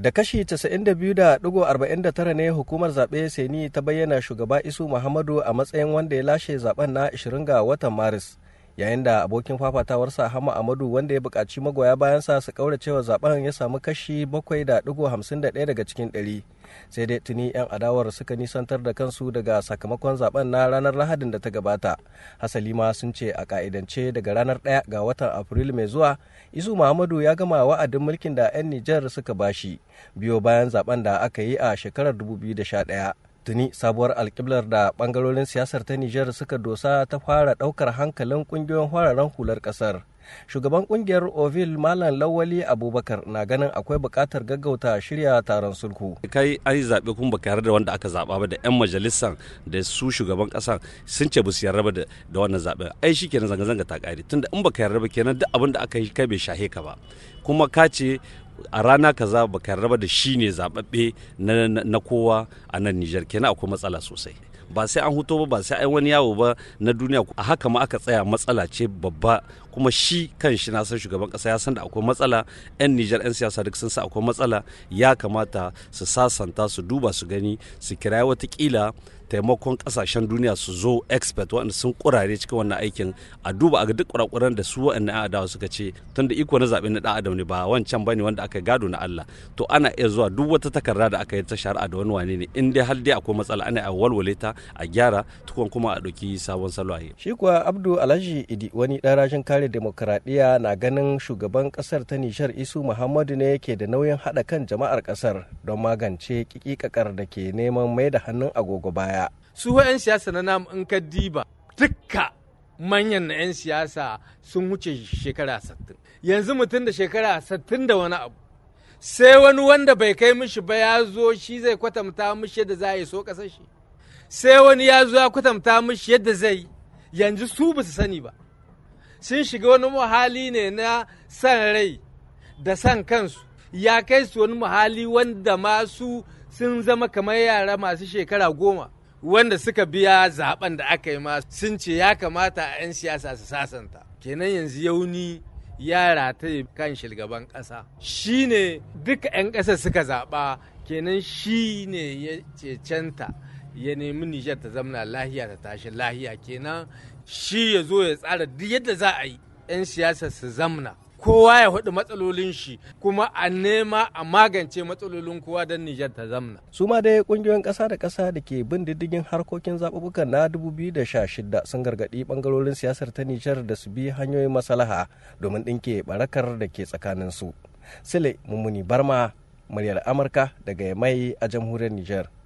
da kashi 92.49 ne hukumar zaɓe seni ta bayyana shugaba isu muhammadu a matsayin wanda ya lashe zaben na 20 ga watan maris yayin da abokin fafatawarsa hama amadu wanda ya bukaci magoya bayansa su kauracewa zaben ya samu kashi 7.51 daga cikin 100 sai dai tuni 'yan adawar suka nisantar da kansu daga sakamakon zaben na ranar lahadin da ta gabata hasali ma sun ce a ka'idance daga ranar 1 ga watan afrilu mai zuwa isu muhammadu ya gama wa'adin mulkin da 'yan nijar suka bashi biyo bayan zaben da aka yi a shekarar 2011 tuni sabuwar alkiblar da bangarorin siyasar ta Nijar suka dosa ta fara daukar hankalin kungiyoyin hwararen hular kasar. Shugaban kungiyar Ovil Malam Lawali Abubakar na ganin akwai bukatar gaggauta shirya taron sulhu. Kai an yi zaɓe kuma baka yarda wanda aka zaɓa ba da 'yan majalisar da su shugaban ƙasa sun ce ba su yarda ba da wannan zaɓe. Ai shi kenan zanga-zanga ta ƙari tunda in baka yarda ba kenan duk abin da aka yi kai bai shahe ka ba. Kuma ka ce a rana kaza ba ka raba da shi ne zababbe na kowa a nan Nijar kenan akwai matsala sosai ba sai an huto ba ba sai ai wani yawo ba na duniya a haka ma aka tsaya matsala ce babba kuma shi kan shi na san shugaban kasa ya san da akwai matsala yan nijar yan siyasa duk sun sa akwai matsala ya kamata su sasanta su duba su gani su kira watakila taimakon kasashen duniya su zo expert waɗanda sun kurare cikin wannan aikin a duba a ga duk kurakuran da su waɗanda yan adawa suka ce tun da iko na zaɓe na ɗan adam ne ba wancan ba ne wanda aka gado na Allah to ana iya zuwa duk wata takarda da aka yi ta shari'a da wani wane ne in dai har dai akwai matsala ana a walwale ta a gyara tukun kuma a ɗauki sabon salwaye shi kuwa Abdu Alhaji Idi wani ɗan rashin kare kare demokuraɗiyya na ganin shugaban ƙasar ta nishar isu muhammadu ne ke da nauyin haɗa kan jama'ar ƙasar don magance kikikakar da ke neman mai da hannun agogo baya su 'yan siyasa na namu in ka diba dukka manyan na 'yan siyasa sun wuce shekara sattin yanzu mutum da shekara sattin da wani abu sai wani wanda bai kai mishi ba ya zo shi zai kwatanta mishi yadda za a so ƙasar shi sai wani ya zo ya kwatanta mishi yadda zai yanzu su ba su sani ba sun shiga wani muhali ne na san rai da san kansu ya kai su wani muhali wanda masu sun zama kamar yara masu shekara goma wanda suka biya zaben da aka yi ma sun ce ya kamata a 'yan siyasa su sasanta kenan yanzu yauni ya yi kan shugaban ƙasa shi ne duka 'yan ƙasa suka zaɓa kenan shi ne ya cecenta ya nemi nijar ta zamana lahiya ta tashi lahiya kenan shi ya zo ya tsara duk yadda za a yi 'yan siyasa su zamna kowa ya hudu matsalolin shi kuma a nema a magance matsalolin kowa don Nijar ta zamna. Su ma dai kungiyoyin ƙasa da kasa da ke bin diddigin harkokin zaɓuɓɓukan na 2016 sun gargaɗi ɓangarorin siyasar ta Nijar da su bi hanyoyin masalaha domin ɗinke barakar da ke tsakanin su. Sile Mummuni Barma, muryar Amurka daga mai a jamhuriyar Nijar.